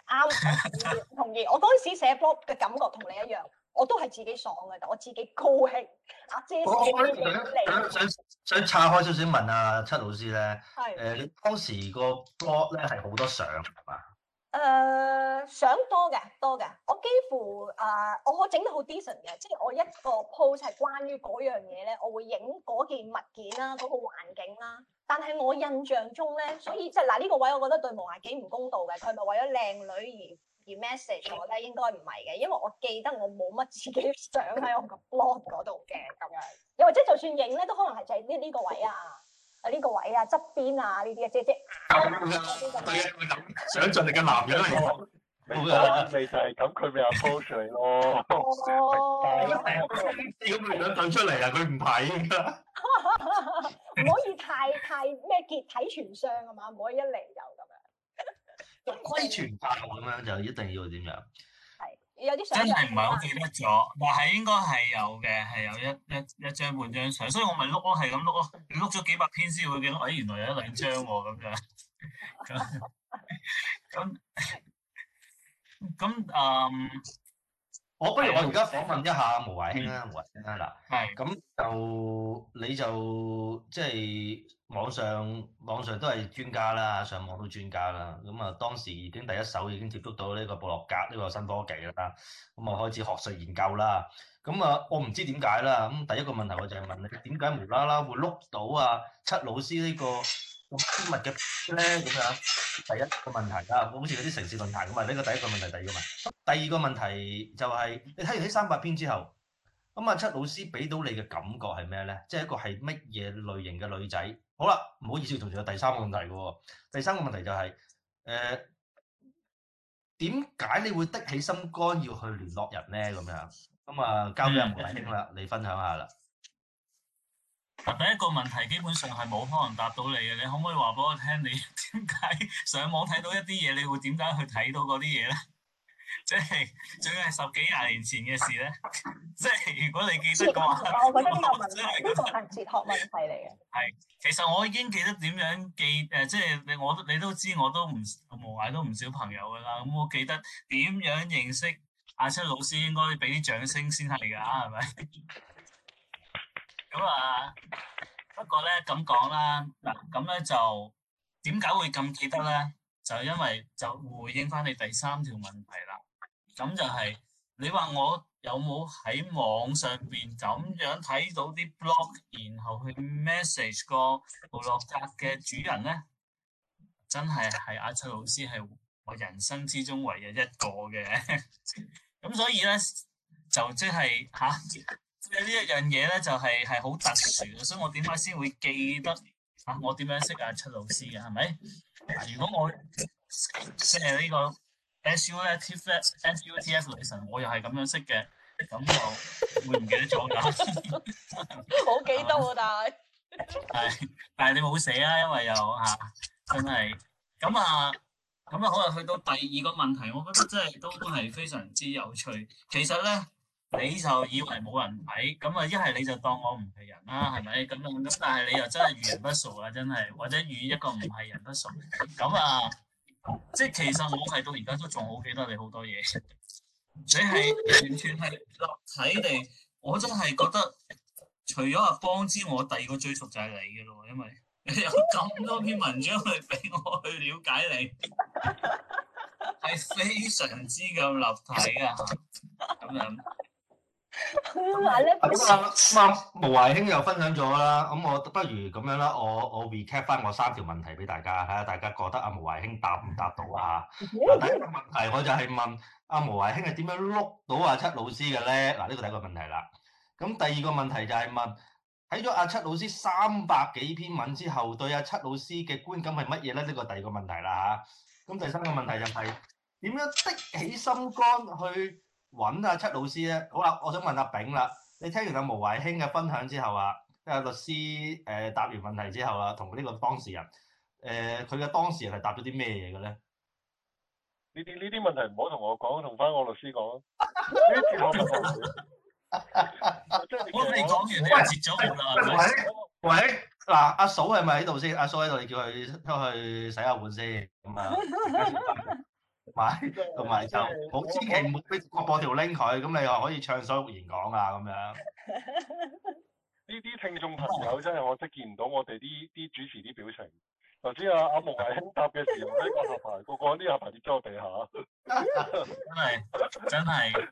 啱、 啊，同意。我嗰陣時寫 blog 嘅感覺同你一樣。我都係自己爽嘅，我自己高興。啊姐姐興，遮想想拆開少少問啊，七老師咧，係誒是、呃、當時個 post 咧係好多相係嘛？誒、呃，相多嘅，多嘅。我幾乎啊、呃，我我整得好 decent 嘅，即係我一個 post 係關於嗰樣嘢咧，我會影嗰件物件啦，嗰、嗰個環境啦。但係我印象中咧，所以即係嗱呢個位，我覺得對無涯幾唔公道嘅，佢咪為咗靚女而？message 我咧應該唔係嘅，因為我記得我冇乜自己想喺我個 blog 嗰度嘅咁樣，又或者就算影咧，都可能係就係呢呢個位啊，啊呢個位啊側邊啊呢啲啊啫啫。咁啊，對啊，想盡力嘅男人嚟講，未就係咁，佢咪有 po 出嚟咯。哦。咁佢想對出嚟啊？佢唔睇。唔可以太太咩結體全相啊嘛！唔可以一嚟就咁樣。規全教咁樣就一定要點樣？係有啲真係唔係好記得咗，話係應該係有嘅，係有一一一張半張相，所以我咪碌咯，係咁碌咯，你碌咗幾百篇先會記得。哎，原來有一兩張喎，咁、啊、樣咁咁咁誒。 我不如我而家訪問一下毛懷興啦，毛、嗯、懷興啦嗱，咁、嗯、就你就即係、就是、網上網上都係專家啦，上網都專家啦，咁啊當時已經第一手已經接觸到呢個布洛格呢、這個新科技啦，咁啊開始學術研究啦，咁啊我唔知點解啦，咁第一個問題我就係問你點解無啦啦會碌到啊，七老師呢、這個？咁今日嘅咧，咁樣，第一個問題啊，我好似嗰啲城市論壇咁啊，呢個第一個問題，第二個問題，第二個問題就係你睇完呢三百篇之後，咁阿七老師俾到你嘅感覺係咩咧？即係一個係乜嘢類型嘅女仔？好啦，唔好意思，仲有第三個問題嘅，第三個問題就係誒，點解你會的起心肝要去聯絡人咧？咁樣，咁啊，交俾無涯兄啦，你分享下啦。第一個問題基本上係冇可能答到你嘅，你可唔可以話俾我聽，你點解上網睇到一啲嘢，你會點解去睇到嗰啲嘢咧？即係仲係十幾廿年前嘅事咧？ 即係如果你記得嘅話，實我覺得就問，呢個係哲學問題嚟嘅。係， 其實我已經記得點樣記誒，即係我都你都知，我都唔無解都唔少朋友㗎啦。咁我記得點樣認識阿七老師，應該俾啲掌聲先係㗎，係咪？ 好啊，不過咧咁講啦，嗱咁咧就點解會咁記得咧？就因為就回應翻你第三條問題啦。咁就係、是、你話我有冇喺網上邊咁樣睇到啲 blog，然後去 message 個部落格嘅主人咧？真係係阿七老師係我人生之中唯一一個嘅。咁 所以咧就即係嚇。啊。即係呢一樣嘢咧，就是，就係係好特殊，所以我點解先會記得啊？我點樣識阿七老師嘅，係咪？如果我即係呢個 SUTF SUTF 女神我又係咁樣識嘅，咁就會唔記得咗噶？好記得喎，但係係，但係你冇寫啊，因為又吓真係咁啊，咁啊，可能去到第二個問題，我覺得真係都係非常之有趣。其實咧。你就以為冇人睇，咁啊一係你就當我唔係人啦，係咪咁樣？咁但係你又真係遇人不淑啊，真係，或者遇一個唔係人不淑，咁啊，即係其實我係到而家都仲好記得你好多嘢，你係完全係立體地，我真係覺得，除咗阿邦之外，我第二個最熟就係你嘅咯，因為你有咁多篇文章去俾我去了解你，係非常之咁立體嘅，咁樣。咁啊！咁啊、 嗯！毛懷興又分享咗啦，咁、嗯、我不如咁樣啦，我我 recap 翻我三條問題俾大家，睇下大家覺得阿毛懷興答唔答到啊？第一個問題我就係問阿毛懷興係點樣碌到阿七老師嘅咧？嗱，呢個第一個問題啦。咁第二個問題就係問睇咗阿七老師三百幾篇文之後，對阿七老師嘅觀感係乜嘢咧？呢、這個第二個問題啦吓。咁第三個問題就係、是、點樣的起心肝去揾阿七老師咧，好啦，我想問阿、啊、丙啦，你聽完阿毛偉興嘅分享之後啊，即係阿律師誒答完問題之後啊，同呢個當事人誒，佢、呃、嘅當事人係答咗啲咩嘢嘅咧？呢啲呢啲問題唔好同我講，同翻我律師講。我未講完你截，喂喂，嗱、啊，阿嫂係咪喺度先？阿、啊、嫂喺度，你叫佢出去洗下碗先咁啊。嗯同埋就好，千祈唔好俾我播條 link 佢，咁你又可以暢所欲言講啊咁樣。呢啲聽眾朋友真係我即係見唔到我哋啲啲主持啲表情。頭先阿阿無涯兄答嘅時候，喺個下排個個啲下排跌咗落地下，真係真係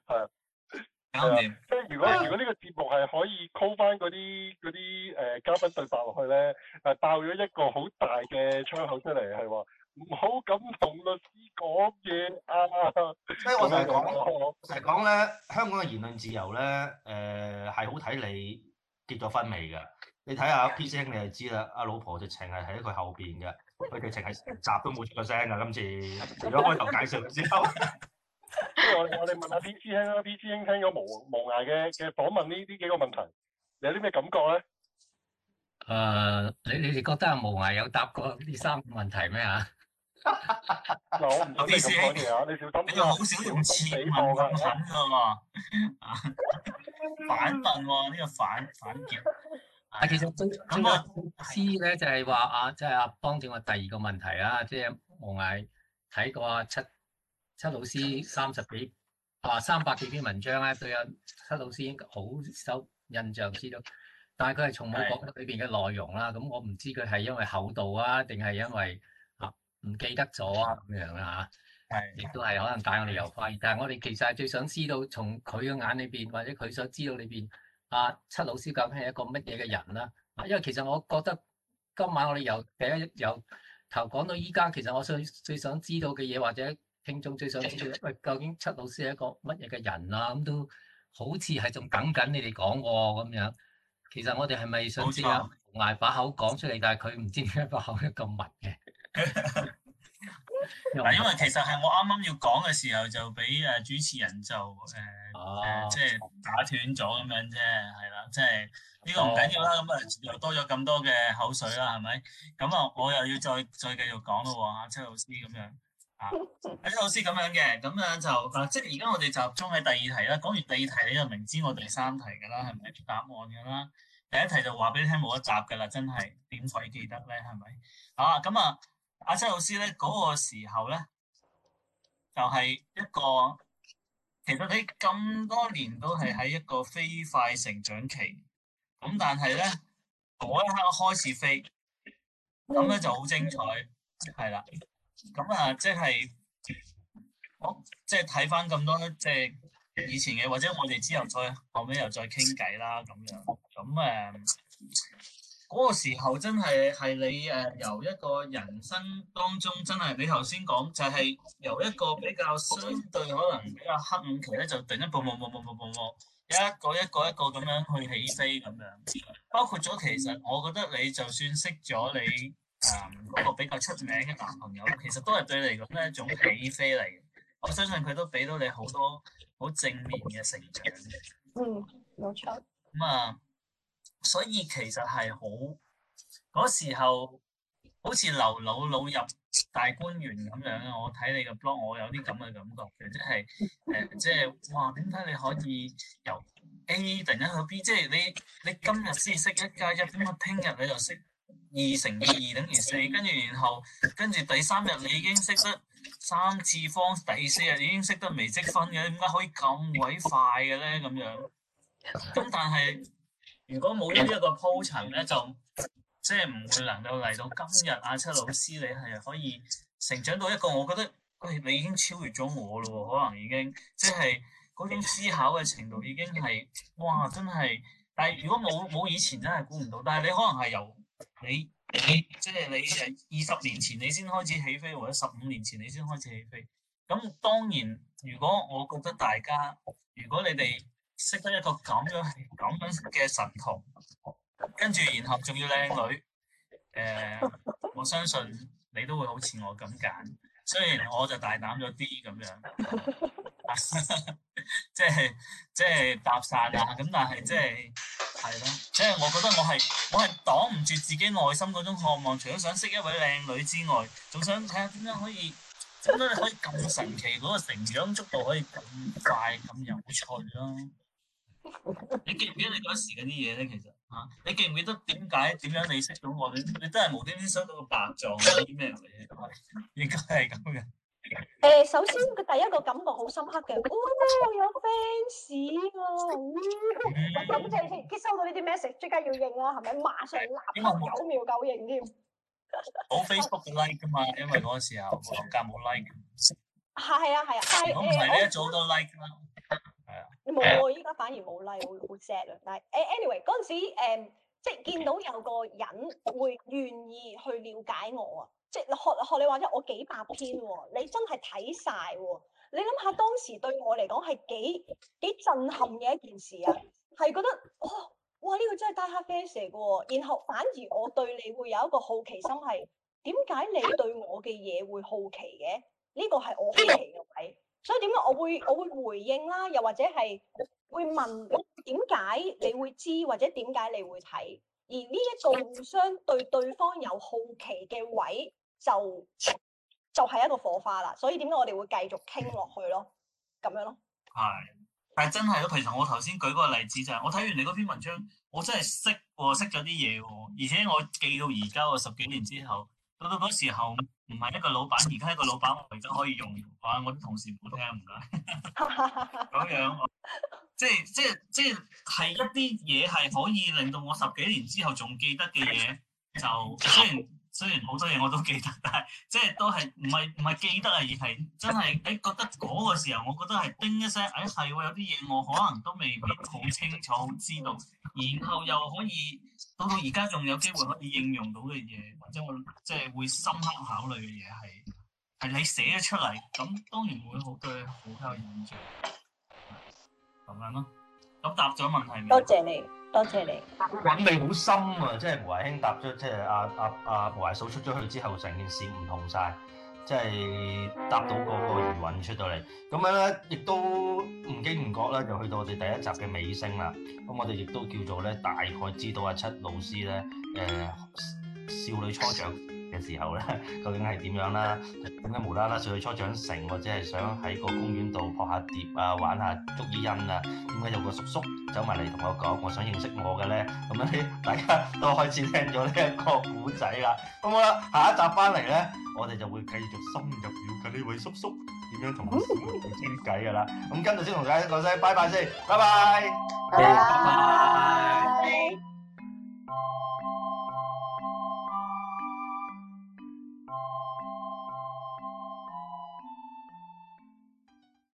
係即係如果如果呢個節目係可以 call 翻嗰啲嗰啲誒嘉賓對白落去咧，誒爆咗一個好大嘅窗口出嚟係話。唔好咁同律師講嘢啊！即係我成日講，成日講咧，香港嘅言論自由咧，誒、呃、係好睇你結咗婚未噶？你睇下 PC 兄你就知啦，阿老婆直情係喺佢後邊嘅，佢哋淨係成集都冇出個聲噶。今次如果開頭介紹咗之後，即係 我我哋問下 PC 兄啦 ，PC 兄聽咗無無涯嘅嘅訪問呢呢幾個問題，你有啲咩感覺咧？誒、uh，你你哋覺得阿無涯有答過呢三個問題咩吓？嗱、 哦，我唔好意思講嘢啊！你小心啊！你好少用切文嚟問㗎嘛？ 反問喎、啊，呢、這個反反擊。但、哎、其實最咁啊，老師咧就係話啊，即係阿邦正話第二個問題啊，即、就、係、是、無涯。睇過阿七七老師三十幾啊三百幾篇文章咧，對阿七老師好有印象知道。但係佢係從冇講過裏邊嘅內容啦，咁是、嗯、我唔知佢係因為厚道啊，定係因為？唔記得咗啊，咁樣啊，嚇，亦都係可能帶我哋遊快。的但係我哋其實係最想知道，從佢嘅眼裏邊，或者佢所知道裏邊，啊，七老師究竟係一個乜嘢嘅人啦？因為其實我覺得今晚我哋由第一由，由頭講到依家，其實我最最想知道嘅嘢，或者聽眾最想知道，喂、嗯，嗯、究竟七老師係一個乜嘢嘅人啊？咁都好似係仲等緊你哋講喎咁樣。其實我哋係咪想知錯啊？捱把口講出嚟，但係佢唔知點解把口咁密嘅。嗱， 因為其實係我啱啱要講嘅時候，就俾誒主持人就誒誒，即係打斷咗咁樣啫，係啦，即係呢個唔緊要啦，咁啊又多咗咁多嘅口水啦，係咪？咁啊，我又要再再繼續講咯喎，阿、啊、七老師咁樣，阿、啊、七老師咁樣嘅，咁樣就誒、啊，即係而家我哋集中喺第二題啦，講完第二題你就明知我第三題噶啦，係咪答案噶啦？第一題就話俾你聽冇一集噶啦，真係點鬼記得咧，係咪？啊，咁啊。阿七老師咧嗰、嗰個時候咧，就係、係、一個其實你咁多年都係喺一個飛快成長期，咁但係咧嗰一刻開始飛，咁咧就好精彩，係啦。咁啊，即係我、哦、即係睇返咁多即係以前嘅，或者我哋之後再後尾又再傾偈啦咁樣。咁啊～嗰個時候真係係你誒、呃、由一個人生當中真係你頭先講就係、是、由一個比較相對可能比較黑暗期咧，就突然一步冇冇冇一個一個一個咁樣去起飛咁樣。包括咗其實我覺得你就算識咗你誒嗰、呃那個比較出名嘅男朋友，其實都係對你嚟講係一種起飛嚟嘅。我相信佢都俾到你好多好正面嘅成長。嗯，冇錯。咁啊～所以其實係好嗰時候，好似劉姥姥入大觀園咁樣啊！我睇你個 blog，我有啲咁嘅感覺嘅，即係誒、呃，即係哇！點解你可以由 A 突然間去 B？即係你你今日先識一加一，咁啊，聽日你就識二乘以二等於四，跟住然後跟住第三日你已經識得三次方，第四日已經識得微積分嘅，點解可以咁鬼快嘅咧？咁樣咁，但係，如果冇呢一個鋪陳咧，就即係唔會能夠嚟到今日。阿七老師，你係可以成長到一個，我覺得，哎，你已經超越咗我咯喎，可能已經即係嗰種思考嘅程度已經係，哇！真係，但係如果冇冇以前真係估唔到。但係你可能係由你你即係你係二十年前你先開始起飛，或者十五年前你先開始起飛。咁當然，如果我覺得大家，如果你哋，識得一個咁樣咁樣嘅神童，跟住然後仲要靚女，誒、呃，我相信你都會好似我咁揀，雖然我就大膽咗啲咁樣，即係即係搭訕啊，咁但係即係係咯，即係、就是、我覺得我係我係擋唔住自己內心嗰種渴望，除咗想識一位靚女之外，仲想睇下點樣可以點解你可以咁神奇嗰、那個成長速度可以咁快咁有趣咯。你記唔記得你嗰時嗰啲嘢咧？其實吓、啊，你記唔記得點解點樣你識到我？你你真係無端端收到個白撞啲咩嘅嘢？應該係咁嘅。誒、欸，首先佢第一個感覺好深刻嘅，哦哎、我有個 fans 喎、哦，感簡直接收到呢啲 message，即刻要應啦、啊，係咪？馬上立、啊，九秒九應添。冇 Facebook 嘅 like 噶嘛？因為嗰個時候我間冇 like。係啊係啊，啊，但係誒，我唔係咧，是呃、做好多 like 啦。你冇啊！依家反而冇例會好 sad 啦，但係誒 anyway 嗰陣時、um, 即係見到有個人會願意去了解我啊！即係學學你話齋，我幾百篇喎、哦，你真係睇晒喎！你諗下當時對我嚟講係幾幾震撼嘅一件事啊！係覺得、哦、哇哇呢、呢個真係 dark face 嚟嘅，然後反而我對你會有一個好奇心係點解你對我嘅嘢會好奇嘅？呢、呢個係我好奇嘅位。所以點解我會我會回應啦，又或者係會問點解你會知，或者點解你會睇？而呢一個互相對對方有好奇嘅位，就就係一個火花啦。所以點解我哋會繼續傾落去咯。咁樣。係，但係真係咯，其實我頭先舉嗰個例子就係，我睇完你嗰篇文章，我真係識喎，識咗啲嘢喎，而且我記到而家我十幾年之後。到到嗰時候唔係一個老闆，而家一個老闆，我為咗可以用話，我啲同事唔好聽唔該，咁 樣即係即係即係係一啲嘢係可以令到我十幾年之後仲記得嘅嘢，就雖然。雖然好多嘢我都記得，但係即係都係唔係唔係記得啊，而係真係誒、欸、覺得嗰個時候，我覺得係叮一聲，誒係喎，有啲嘢我可能都未必好清楚、好知道，然後又可以到到而家仲有機會可以應用到嘅嘢，或者我即係會深刻考慮嘅嘢係係你寫咗出嚟，咁當然會好對好有印象，咁樣咯。咁、嗯、答咗問題未？多謝你。多謝，謝你。韻味好深啊！即係無涯兄搭咗，即係阿阿阿無涯嫂出咗去之後，成件事唔同晒，即係搭到嗰個餘韻出到嚟，咁樣咧亦都唔經唔覺咧，就去到我哋第一集嘅尾聲啦。咁我哋亦都叫做咧，大概知道阿七老師咧，誒、呃、少女初長嘅時候咧，究竟係點樣啦？點解無啦啦想去初長城，或者係想喺個公園度撲下碟啊、玩下捉字印啊？點解有個叔叔走埋嚟同我講，我想認識我嘅咧？咁樣咧，大家都開始聽咗呢一個古仔啦。咁好啦。下一集翻嚟咧，我哋就會繼續深入瞭解呢位叔叔點樣同市民傾偈嘅啦。咁跟住先同大家講聲拜拜先，拜拜，拜拜。